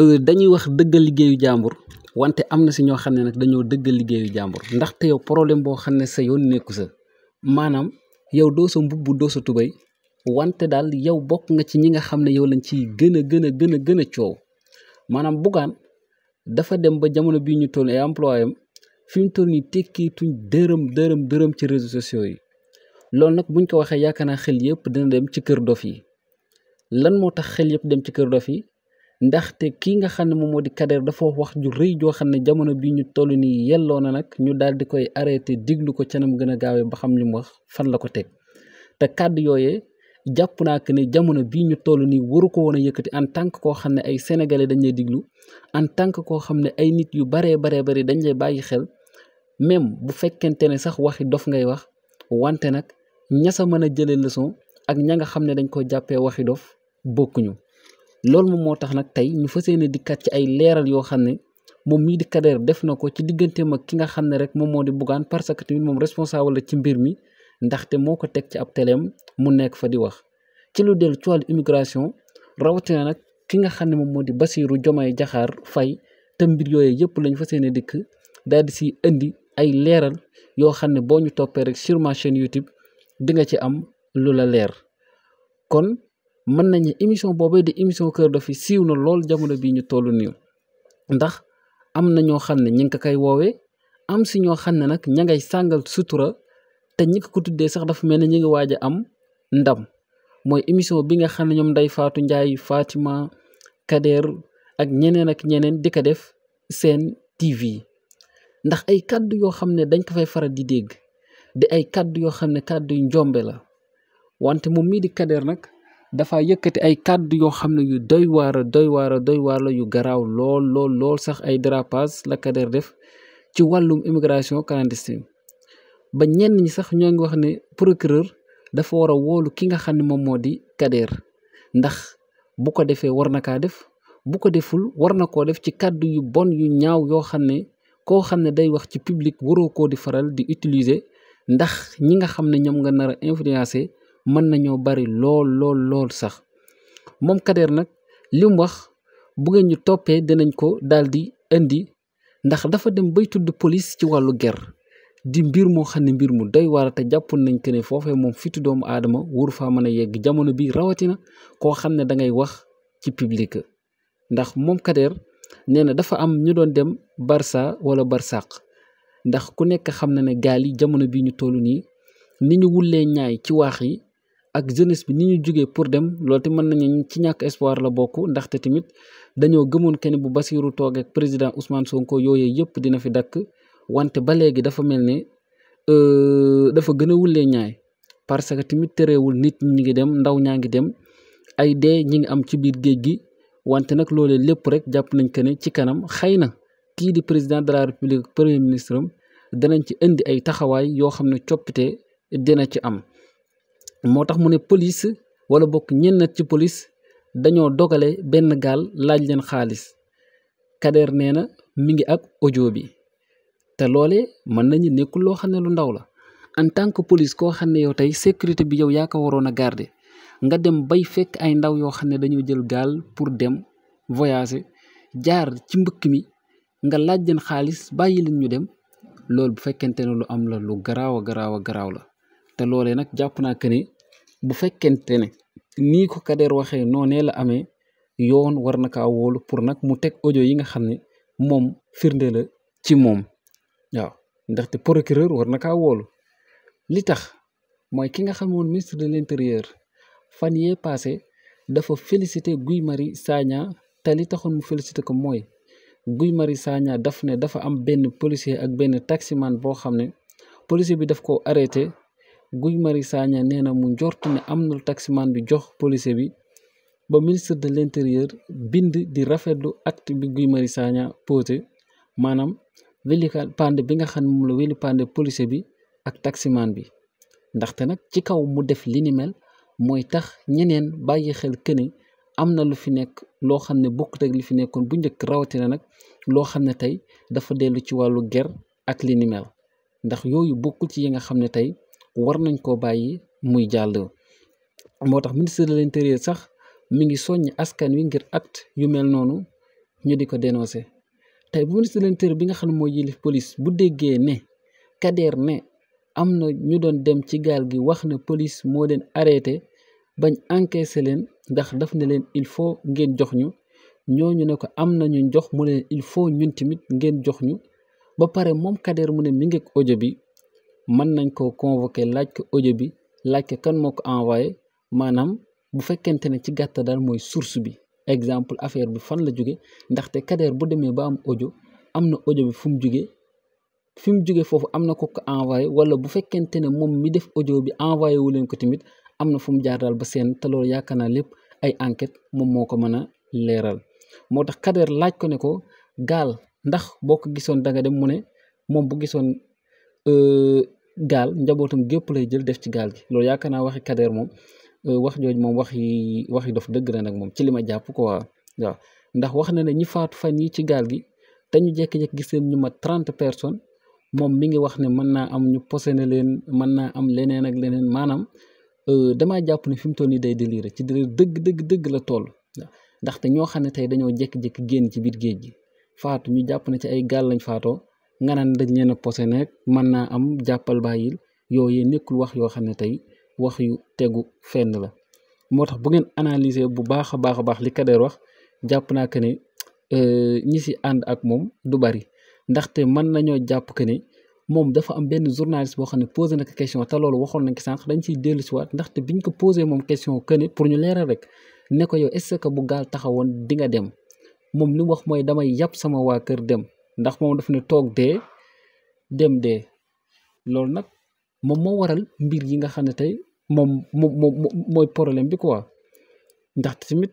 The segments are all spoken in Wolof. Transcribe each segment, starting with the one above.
Euh, dañuy wax dëggal liggéeyu jàmbur wante am na si ñoo xam ne nag dañoo dëggal liggéeyu jàmbur ndaxte yow problème boo xam ne sa yoon nekku sa maanaam yow doo sa mbubb doo sa tubay wante daal yow bokk nga ci ñi nga xam ne yow lañ ciy gën a gën a gën gën a coow maanaam bugaan dafa dem ba jamono bii ñu toll ay employé am fi mu toll nii tekkiituñ dërëm dërëm dërëm ci réseaux sociaux yi loolu nag buñ ko waxee yaakaar naa xel yëpp dina dem ci kër dof yi lan moo tax xel yëpp dem ci kër dof yi ndaxte kii nga xam ne moom moo di Kader dafa wax ju rëy joo xam ne jamono bii ñu toll nii yelloo na nag ñu daal di koy arrêté diglu ko canam gën a gaawee ba xam li mu wax fan la ko teg te kàddu yooye jàpp naa que ne jamono bii ñu toll nii waru ko woon yëkkati en tànk koo xam ne ay sénégalais dañ lay diglu en tant koo xam ne ay nit yu baree baree bari dañu lay bàyyi xel même bu fekkente ne sax waxi dof ngay wax wante nag ña sa mën a jëlee leçon ak ña nga xam ne dañ ko jàppee waxi dof bokkuñu. loolu moom moo tax nag tey ñu fas yéene dikkat ci ay leeral yoo xam ne moom mii di Kader def na ko ci digganteem ak ki nga xam ne rek moom moo di Bougane parce que tamit moom responsable la ci mbir mi ndaxte moo ko teg ci ab teleem mu nekk fa di wax. ci lu dellu ci wàllu immigration rawatina nag ki nga xam ne moom moo di Bassirou Diomaye jaxaar fay te mbir yooyu yëpp lañ fa yéene dikk daal di si indi ay leeral yoo xam ne boo ñu toppee rek sur ma chaîne di nga ci am lu la leer mën nañu émission boobee di émission Cœur d'Office siiw na lool jamono bii ñu toll nii ndax am na ñoo xam ne ñi ngi ko koy woowee am si ñoo xam ne nag ña ngay sàngal sutura te ñi ko ko tuddee sax dafa mel ne ñu ngi waaj a am ndam mooy émission bi nga xam ne ñoom Ndeye faatu Ndiaye faatiment Kader ak ñeneen ak ñeneen di ko def seen TV ndax ay kàddu yoo xam ne dañ ko fay faral di dégg di ay kàddu yoo xam ne kàddu yu njombe la wante moom mii di Kader nag. dafa yëkkati ay kàddu yoo xam ne yu doy waar doy waar doy waar yu garaaw lool lool lool sax ay dérapage la Kader def ci wàllum immigration clandestine ba ñenn ñi sax ñoo ngi wax ne procureur dafa war a woolu ki nga xam ne moom moo di Kader ndax bu ko defee war na kaa def bu ko deful war na koo def ci kàddu yu bon yu ñaaw yoo xam ne koo xam ne day wax ci publique waroo koo di faral di utiliser ndax ñi nga xam ne ñoom nga nar a influencer mën nañoo bari lool lool lool sax moom Kader nag li wax bu ngeen ñu toppee dinañ ko daal di indi ndax dafa dem bay tudd police ci wàllu ger di mbir moo xam ne mbir mu doy waar te jàppoon nañ ko ne moom fitu doomu aadama wuru faa mën a yegg jamono bi rawatina koo xam ne da ngay wax ci public ndax moom Kader nee na dafa am ñu doon dem Barça wala Barsaq ndax ku nekk xam na ne gaal yi jamono bi ñu toll nii ni ñu wullee ñaay ci waax yi ak jeunesse bi ni ñu jógee pour dem loolu te mën nañu ci ñàkk espoir la bokk ndaxte tamit dañoo gëmoon kenn bu Basiirou toog ak président Ousmane Sonko yooyee yëpp dina fi dakk wante ba léegi dafa mel ne euh, dafa gën a ñaay parce que tamit terewul nit ñi ngi dem ndaw ñaa ngi dem ay dee ñi ngi am ci biir géej gi wante nag loole lépp rek jàpp nañ que ne ci kanam xëy na kii di président de la république premier ministre am danañ ci indi ay taxawaay yoo xam ne coppite dina ci am. moo tax mu ne police wala bokk ñenn ci police dañoo dogale benn gaal laaj leen xaalis Kader nee na mi ngi ak audio bi te loole mën nañu nekkul loo xam ne lu ndaw la en tant que police koo xam ne yow tey sécurité bi yow yaa ko waroon a garde nga dem bay fekk ay ndaw yoo xam ne dañoo jël gaal pour dem voyager jaar ci mbëkk mi nga laaj leen xaalis bàyyi leen ñu dem loolu bu fekkente ne lu am la lu garaaw garaaw a garaaw la te loole nag jàpp naa que ne bu fekkente ne nii ko Kader waxee noonee la amee yoon war na kaa wóolu pour nag mu teg ojo yi nga xam ne moom firnde la ci moom waaw ndaxte procureur war na kaa wóolu li tax mooy ki nga xam woon ministre de l'intérieur fan yee passé dafa félicité Guy mari Sagna te li taxoon mu félicité ko mooy Guy mari Sagna daf ne dafa am benn policier ak benn taximan boo xam ne policier bi daf ko arrêté Guy Marius Sagna nee na mu njort ne am na lu taximaan bi jox policier bi ba ministre de l' intérieur bind di rafetlu acte bi Guy Marius Sagna posé maanaam weli pandé bi nga xam ne moom la weli pandé policier bi ak taximaan bi ndaxte nag ci kaw mu def li mooy tax ñeneen bàyyi xel këne am na lu fi nekk loo xam ne bokkut ak li fi nekkoon bu njëkk rawatina nag loo xam ne tey dafa dellu ci wàllu ger ak li ndax yooyu bokkul ci yi nga xam ne tey war nañ koo bàyyi muy jàll moo tax ministre de l'intérieur sax mi ngi soññ askan wi ngir acte yu mel noonu ñu di ko dénoncé tey bu ministre de l'intérieur bi nga xam ne mooy yilif police bu déggee ne Kader ne am na ñu doon dem ci gaal gi wax ne police moo leen arrêté bañ encaissé leen ndax daf ne leen il faut ngeen jox ñu ñooñu ne ko am na ñu jox mu ne il faut ñun tamit ngeen jox ñu ba pare moom Kader mu ne mi ngi ak bi mën nañ koo convoqué laaj ko audio bi laaj ko kan moo ko envoyé maanaam bu fekkente ne ci gàtta daal mooy source bi exemple affaire bi fan la jóge ndaxte Kader bu demee ba am audio am na audio bi fu mu jóge fi mu jóge foofu am na ko ko envoyé wala bu fekkente ne moom mi def audio bi envoyé wu leen ko tamit am na fu mu jaar daal ba seen te loolu yaakaar naa lépp ay enquête moom moo ko mën a leeral moo tax Kader laaj ko ne ko gaal ndax boo ko gisoon da nga dem mu ne moom bu gisoon euh, gaal njabootum gépp lay jël def ci gaal gi loolu yaakaar naa waxi Kader moom euh, wax jooju moom wax yi wax yi dof dëgg la nag moom ci li ma jàpp ko waa waaw ndax wax na ne ñi faatu fan yi ci gaal gi dañu ñu jékki-jékki gis leen ñu mat trente personnes moom mi ngi wax ne mën naa am ñu posene leen mën naa am leneen ak leneen maanaam euh, damaa jàpp ne fi mu toll nii day délire ci délire dëgg dëgg dëgg la toll ndaxte ñoo xam ne tey dañoo jékki-jékki génn ci biir géej gi faatu ñu jàpp ne ci ay gaal lañ faatoo nga naan dañ leen a posé nekk mën naa am jàppal bàyyil yooyu nekkul wax yoo xam ne tey wax yu tegu fenn la moo tax bu ngeen analyser bu baax a baax a baax li Kader wax jàpp naa ko ne euh, ñi si ànd ak moom du bari ndaxte mën nañoo jàpp que ne moom dafa am benn journaliste boo xam ne posé na ko question te loolu waxoon nañ ko sànq dañ ciy dellu si waat ndaxte biñ ko posé moom question que ne pour ñu leeral rek ne ko yow est que bu gaal taxawoon di nga dem moom li wax mooy damay yàpp sama waa kër dem. ndax moom daf ne toog bee dem dee loolu nag moom moo waral mbir yi nga xam ne tey moom moom mooy problème bi quoi ndax tamit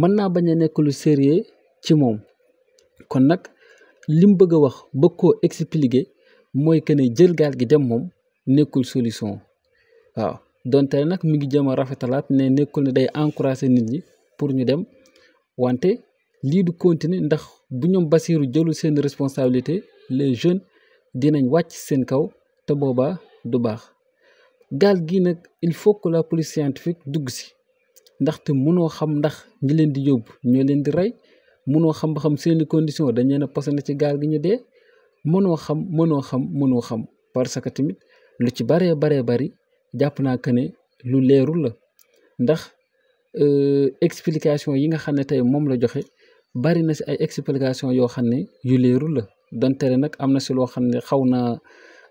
mën naa bañ a nekk lu sérieux ci moom kon nag lim bëgg a wax bëgg koo expliquer mooy que ne jël gaal gi dem moom nekkul solution waaw donte nag mu ngi jëm a rafetalaat ne nekkul ne day encourager nit ñi pour ñu dem wante lii du continuer ndax bu ñoom Bassirou jëlu seen responsabilité les jeunes dinañ wàcc seen kaw te boobaa du baax gaal gi nag il faut que la police scientifique dugg si ndaxte mënoo xam ndax ñi leen di yóbbu ñoo leen di rey mënoo xam ba xam seeni condition dañ leen a posone ci gaal gi ñu dee mënoo xam mënoo xam mënoo xam parce que tamit lu ci baree baree bari jàpp naa que ne lu leerul la ndax euh, explication yi nga xam ne tey moom la joxe bari na si ay explication yoo xam ne yu leeru la donte ne nag am na si loo xam ne xaw na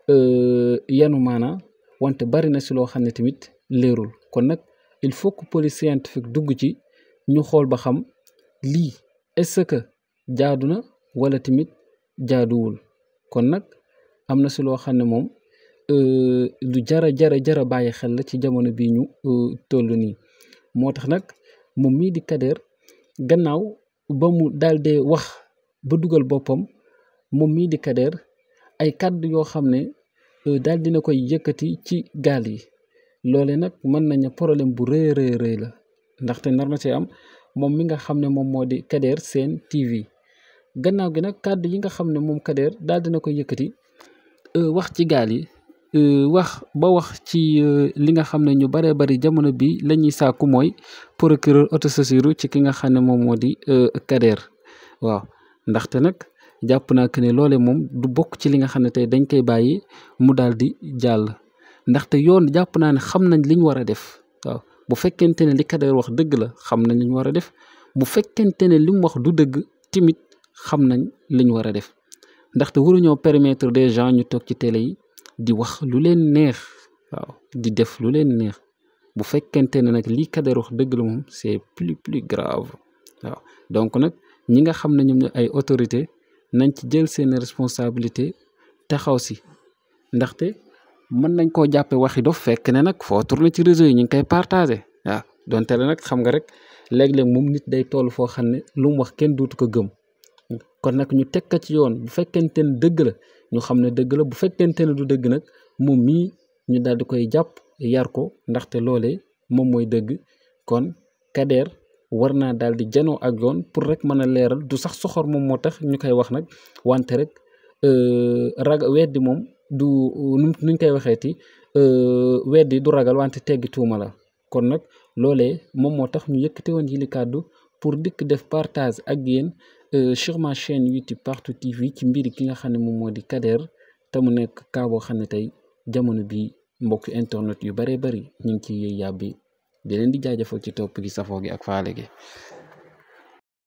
euh, yanu maanaa wante bari na si loo xam ne tamit leerul kon nag il faut que police scientifique dugg ci ñu xool ba xam lii est-ce jaadu na wala tamit jaaduwul kon nag am na si loo xam ne moom euh, lu jara jara jara bàyyi xel la ci jamono bii ñu euh, toll nii moo tax nag moom mii di Kader gannaaw ba mu daal wax ba dugal boppam moom mii di Kader ay kàddu yoo xam ne euh, daal dina koy yëkkati ci gaal yi loole nag mën nañu problème bu rëy rëy rëy la ndaxte nar na see am moom mi nga xam ne moom moo di Kader Sen TV gannaaw gi nag kàddu yi nga xam ne moom Kader daal dina koy yëkkati euh, wax ci gaal yi Euh, wax ba wax ci euh, li nga xam ne ñu bëree bari jamono bi la ñuy sàkku mooy procureur autosaisir ci ki nga xam ne moom moo di euh, Kader waaw ndaxte nag jàpp naa que ne loole moom du bokk ci li nga xam ne tey dañ koy bàyyi mu daal di jàll ndaxte yoon jàpp naa ne xam nañ li ñu war a def bu fekkente ne li Kader wax dëgg la xam nañ li war a def bu fekkente ne li mu wax du dëgg timit xam nañ li ñu war a def ndaxte waruñoo permettre des gens ñu toog ci télé yi. di wax lu leen neex waaw di def lu leen neex bu fekkente ne nag lii Kader wax dëgg la moom c'est plus plus grave waaw donc nag ñi nga xam ne ñoom ay autorité nañ ci jël seen responsabilité taxaw si ndaxte mën nañ koo jàppe waxi dof fekk ne nag foo tourné ci réseau yi ñu ngi koy partagé waaw donte la nag xam nga rek léeg-léeg moom nit day toll foo xam ne lu mu wax kenn dootu ko gëm kon nag ñu teg ko ci yoon bu fekkente ne dëgg la ñu xam ne dëgg la bu fekkente ne du dëgg nag moom mii ñu daal di koy jàpp yar ko ndaxte loole moom mooy dëgg kon Kader war naa daal di janoo ak yoon pour rek mën a leeral du sax soxor moom moo tax ñu koy wax nag wante rek euh, raga weddi moom du nuñ koy waxeeti euh, weddi du ragal wante teggituwuma la kon nag loole moom moo tax ñu yëkkate woon yi li kàddu pour dikk def partage ak yéen euh, sur ma chaîne YouTube Partout TV ci mbiri ki nga xam ne moom moo di Kader te mu nekk kaa boo xam ne tey jamono bi mbokk internet yu baree bari ñu ngi ciy yëy yàbbi di leen di jaajëfal ci topp gi safoo gi ak faale gi